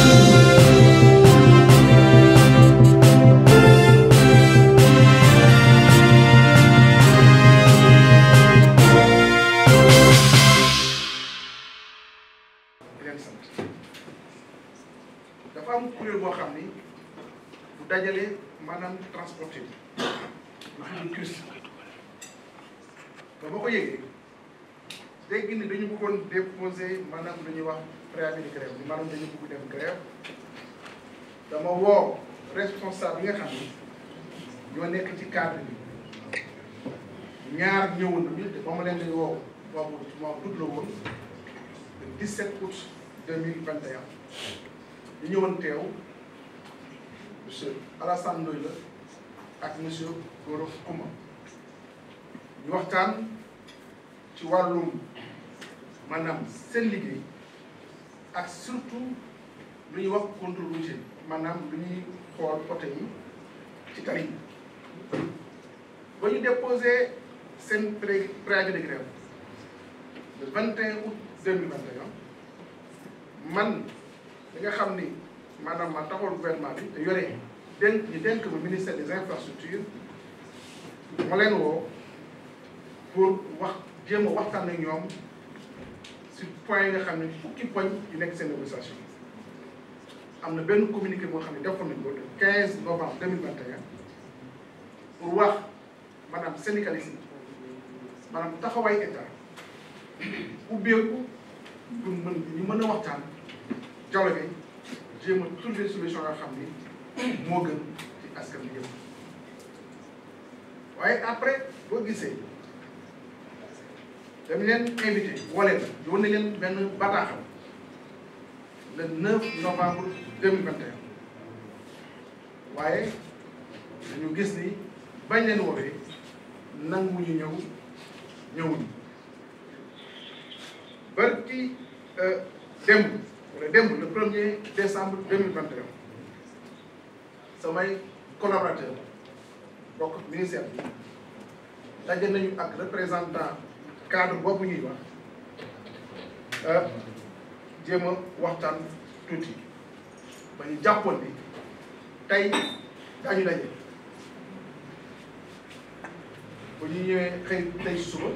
dafa am kuréel boo xam ni bu dajalee maanaam transporté bi nga xam ni dégg ni dañu bëggoon déposé maanaam lu ñuy wax préavis de dem dama woo responsable yi nga xam ni ñoo nekk ci cadre bi ñaar ñëwoon ñu ba ma leen di woo boobu moom dut la woon le 17 août 2021 ñu ñëwoon teew monsieur Alassane la ak monsieur Gorof Kouma ñu waxtaan ci wàllum maanaam seen liggéey ak surtout lu ñuy wax contrôle routier maanaam lu ñuy xool oto yi ci tali bi ba ñu déposé seen pré préavis de grève le 21 août man li nga xam ni maanaam ma taxawal gouvernement bi te yore dénk ñu dénk ma ministère des infrastructures ma leen woo pour wax jéem a waxtaan ak ñoom. point yi nga xam ne fukki poñ yu nekk seen négociation am na benn communiqué moo xam ne defoon nañ ko le 15 novembre 2021 pour wax maanaam syndicalisme maanaam taxawaay état ubbeeku pour mën ñu mën a waxtaan dialogue jéem a trouver solution yoo xam ni moo gën ci askan bi yëpp waaye après boo gisee. dañ leen invité woo leen leen benn bataaxal le 9 novembre 2021 waaye dañu gis ni bañ leen woowee nanguwuñu ñëw ñëwuñu barki euh, démb wala démb le premier décembre 2021 samay collaborateur bokk ministère bi daje nañu ak représentant cadre boobu ñuy wax euh, jéem waxtaan tuuti ba ñu jàppoon bi tey daañu daje bu ñu ñëwee xëy tey suba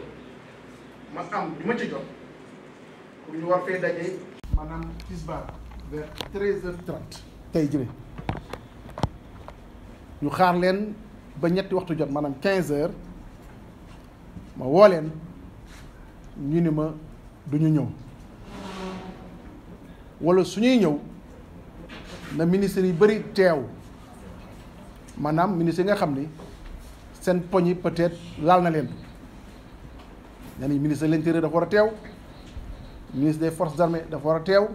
ma am ñu ma ci jot pour ñu war fee daje maanaam tisbaar vers treize heures trente tey jële ñu xaar leen ba ñetti waxtu jot maanaam quinze heures ma woo leen ñu ni ma duñu ñëw wala su ñuy ñëw na ministre yi bëri teew maanaam ministre yi nga xam ni seen poñ yi peut-être laal na leen nee nañ ministre de l'intérieur dafa war a teew ministre des forces armées dafa war a teew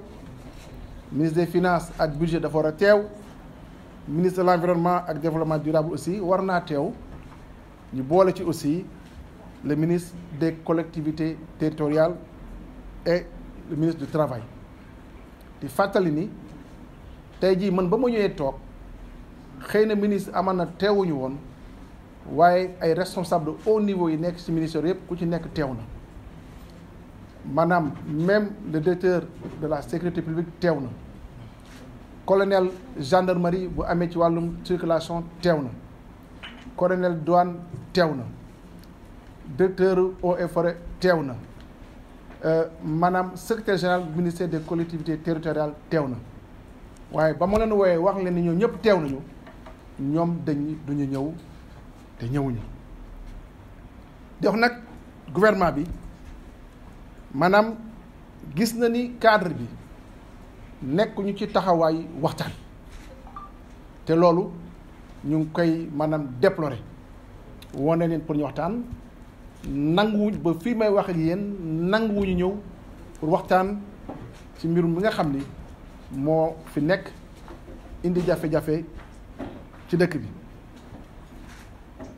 ministre de finance ak budget dafa war a teew ministre de l'environnement ak développement durable aussi war naa teew ñu boole ci aussi le ministre des collectivités territoriales et le ministre du travail di fàttali ni tey jii man ba ma ñëwee toog xëy na ministre aman na teewuñu woon waaye ay responsable de niveau yi nekk ci ministère yëpp ku ci nekk teew na maanaam même le directeur de la sécurité publique teew na colonel gendarmerie bu amee ci wàllum circulation teew na colonel douane teew na directeur eaux et forêt teew na euh, maanaam secrétaire général ministère des collectivités territoriales teew na waaye ba ma leen wooyee wax leen ni ñoom ñëpp teew nañu ñoom dañ duñu ñëw te ñëwuñu di wax nag gouvernement bi maanaam gis na ni cadre bi nekkuñu ci taxawaay waxtaan te loolu ñu ngi koy maanaam déplorer woo ne leen pour ñu waxtaan nanguwuñ ba fii may wax ak yéen ñu ñëw pour waxtaan ci mbir bi nga xam ni moo fi nekk indi jafe-jafe ci dëkk bi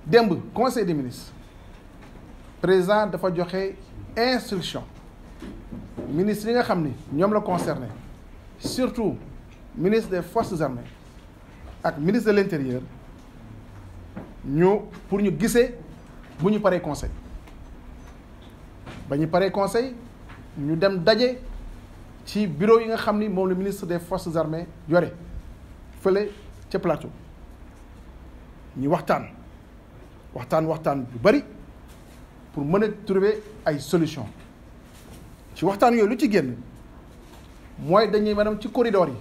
démb conseil de ministres président dafa joxe instruction ministre yi nga xam ni ñoom la concerné surtout ministre des forces armées ak ministre de l'intérieur ñu pour ñu gisee bu ñu paree conseil ba ñu paree conseil ñu dem daje ci bureau yi nga xam ni moom la ministre des forces armées yore fële ca plateau ñu waxtaan waxtaan waxtaan bu bari pour mën a trouver ay solution ci waxtaan yooyu lu ci génn mooy dañuy maanaam ci corridor yi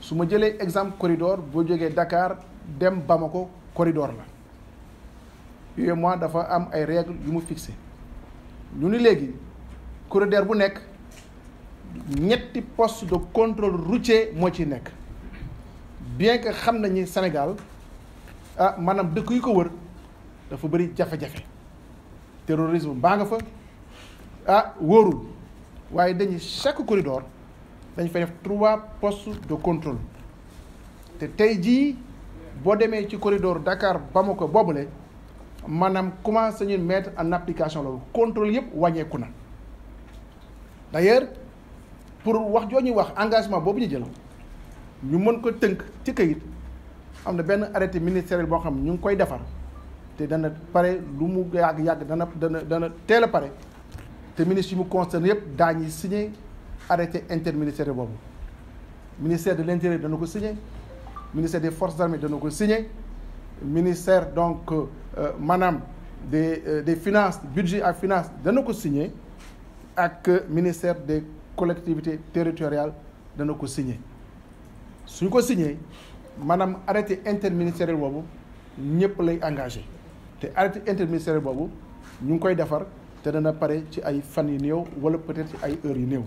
su ma jëlee exemple corridor boo jógee dakaar dem Bamako corridor la yooyu moi dafa am ay règles yu mu fixé ñu ni léegi corridor bu nekk ñetti post de contrôle routier moo ciy nekk bien que xam nañu Sénégal ah maanaam dëkk yu ko wër dafa bëri jafe-jafe terrorisme baa nga fa ah wóorul waaye dañuy chaque corridor dañ fay def trois postes de contrôle te tey jii boo demee ci corridor Dakar Bamako boobule. maanaam commencé ñu mettre en application loolu contrôle yëpp wàññeeku na d'ailleurs pour wax joo ñuy wax engagement boobu ñu jël ñu mën ko tënk ci kayit am na benn arrêté ministériel boo xam ñu ngi koy defar te dana pare lu mu yàgg yàgg dana dana dana teel a pare te ministre yi mu concerné yëpp daañu signe arrêté interministère boobu ministère de l'intérieur dana ko signé ministère des forces armées dana ko signé ministère donc euh, euh, maanaam des euh, des finances budget ak finance dana ko signer ak ministère des collectivité territoriales dana ko signer suñ ko signer maanaam arrêté interministère boobu ñëpp lay engagé te arrêté interministériel boobu ñu ngi koy defar te dana pare ci ay fan yu néew wala peut-être ci ay heures yu néew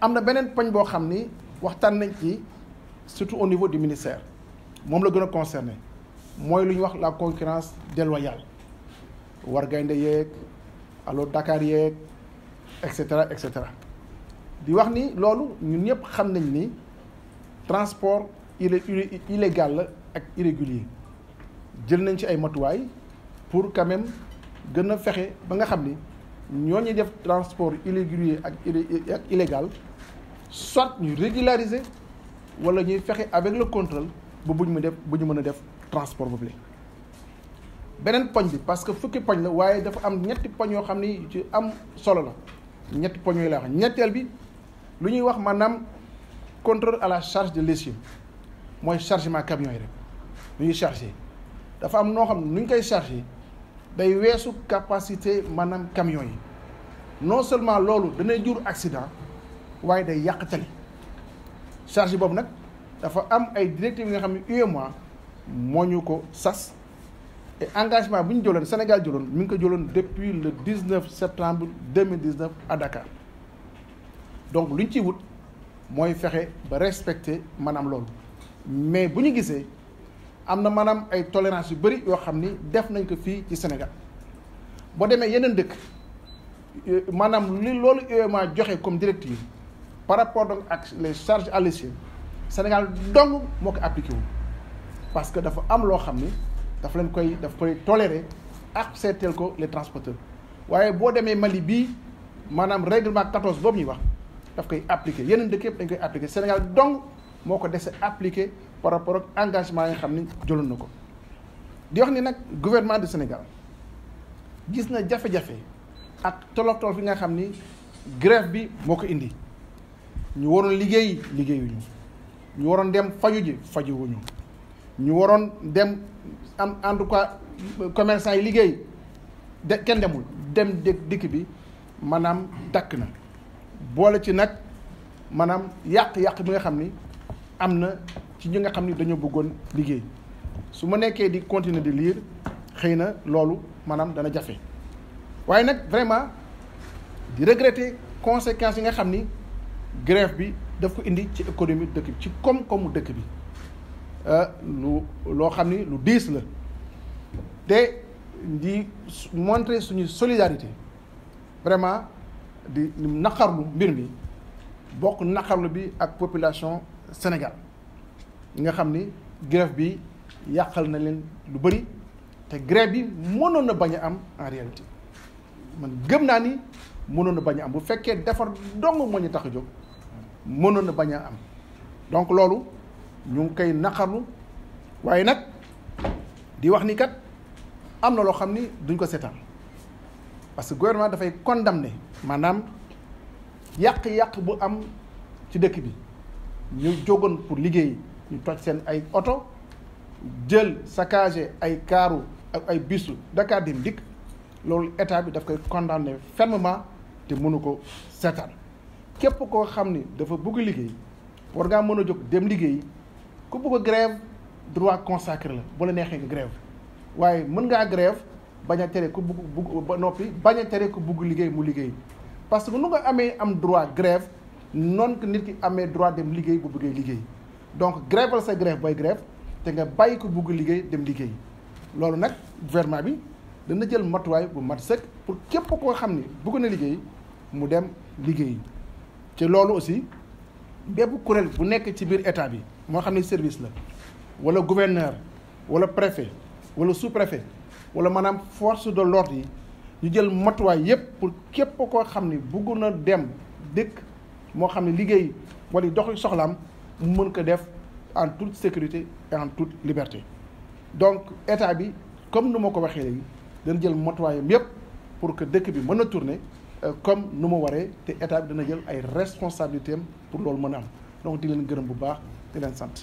am na beneen poñ boo xam ni waxtaan nañ ci surtout au niveau du ministère moom la gën a concerné mooy lu ñuy wax la concurrence déloyale war gaynde yeeg alors dakaar yeeg et cetera et cetera di wax ni loolu ñun ñëpp xam nañ ni transport illégal la ak irrégulier jël nañ ci ay matuwaay pour quand gën a fexe ba nga xam ni ñoo ñuy def transport irrégulier ak ak illégal soit ñu régulariser wala ñuy fexe avec le contrôle ba bu ñu mu def bu ñu mën a def transport public beneen poñ bi parce que fukki poñ la waaye dafa am ñetti poñ yoo xam ni ci am solo la ñetti poñ yooyu laa wax ñetteel bi lu ñuy wax maanaam contrôle à la charge de l'essieu mooy chargement camion yi rek lu ñuy chargé dafa am noo xam ne nu ñu koy chargé day weesu capacité maanaam camion yi non seulement loolu danay jur accident waaye day yàq tali charge boobu nag dafa am ay directives yi nga xam ne UEMOA moo ñu ko sas et engagement bu ñu jëloon Sénégal jëloon mi ngi ko jëloon depuis le 19 septembre 2019 à Dakar donc lu ñu ciy wut mooy fexe ba respecter maanaam loolu mais bu ñu gisee am na maanaam ay tolérance yu bëri yoo xam ni def nañ ko fii ci Sénégal boo demee yeneen dëkk euh, maanaam li loolu UEMOA joxe comme directive par rapport donc ak les charge à l'essieu Sénégal dong moo ko appliqué parce que dafa am loo xam ni dafa leen koy daf koy toléré accepter ko les transporteurs waaye boo demee Mali bi maanaam réglement 14 boobu ñuy wax daf koy appliqué yeneen dëkk yëpp dañ koy appliqué Sénégal dong moo ko dese appliqué par rapport engagement yi nga xam ni jëloon na ko di wax ni nag gouvernement du Sénégal gis na jafe-jafe ak tolof tolof yi nga xam ni grève bi moo ko indi ñu warul liggéey liggéeyuñu ñu waroon dem faju ji fajuwuñu ñu waroon dem am en tout cas commerçant yi liggéey de kenn demul dem dëkk dikk bi maanaam dakk na boole ci nag maanaam yàq-yàq bi nga xam ni am na ci ñi nga xam ni dañoo bëggoon liggéey su ma nekkee di continuer de liir xëy na loolu maanaam dana jafe waaye nag vraiment di regretter conséquences yi nga xam ni grève bi daf ko indi ci économie dëkk bi ci koom-koomu dëkk bi ah, lu loo xam ni lu diis la te di montrer suñu solidarité vraiment di naqarlu mbir mi bokk naqarlu bi ak population Sénégal nga xam ni grève bi yàqal na leen lu bëri te grève bi mënoon na bañ a am en réalité man gëm naa ni mënoon na bañ a am bu fekkee defar dong moo ñu tax a jóg mënoon na bañ a am donc loolu ñu ngi koy naqarlu waaye nag di wax ni kat am na loo xam ni duñ ko seetaan parce que gouvernement dafay condamné maanaam yàq-yàq bu am ci dëkk bi ñu jógoon pour liggéey ñu toj seen ay oto jël saccagé ay kaaru ak ay bisu Dakar Dem Dikk loolu état bi daf koy condamné fermement te mënu ko seetaan képp koo xam ni dafa bugg liggéey war ngaa mën a jóg dem liggéey ku bëgg a grève droit consacré la bu la neexee nga grève waaye mën ngaa grève bañ a teree ku bëgg ba noppi bañ a teree ku bugg liggéey mu liggéey parce que nu nga amee am droit grève noon que nit ki amee droit dem liggéey bu buggee liggéey donc grève la sa grève booy grève te nga bàyyi ko bugg liggéey dem liggéey loolu nag gouvernement bi dana jël matuwaay bu mat sëkk pour képp koo xam ne bëgg na liggéey mu dem liggéey te loolu aussi bépp kuréel bu nekk ci biir état bi moo xam ne service la wala gouverneur wala préfet wala sous-préfet wala maanaam force de l'ordre yi ñu jël matuwaay yépp pour képp koo xam ne bëgg na dem dëkk moo xam ne liggéey wala doxi soxlaam mu mën ko def en tout sécurité en tout liberté donc état bi comme nu ma ko waxee léegi dana jël matuwaayam yépp pour que dëkk bi mën a tourner Euh, comme nu ma waree te état bi dana jël ay responsabilités pour loolu mën a am donc di leen gërëm bu baax di leen sant.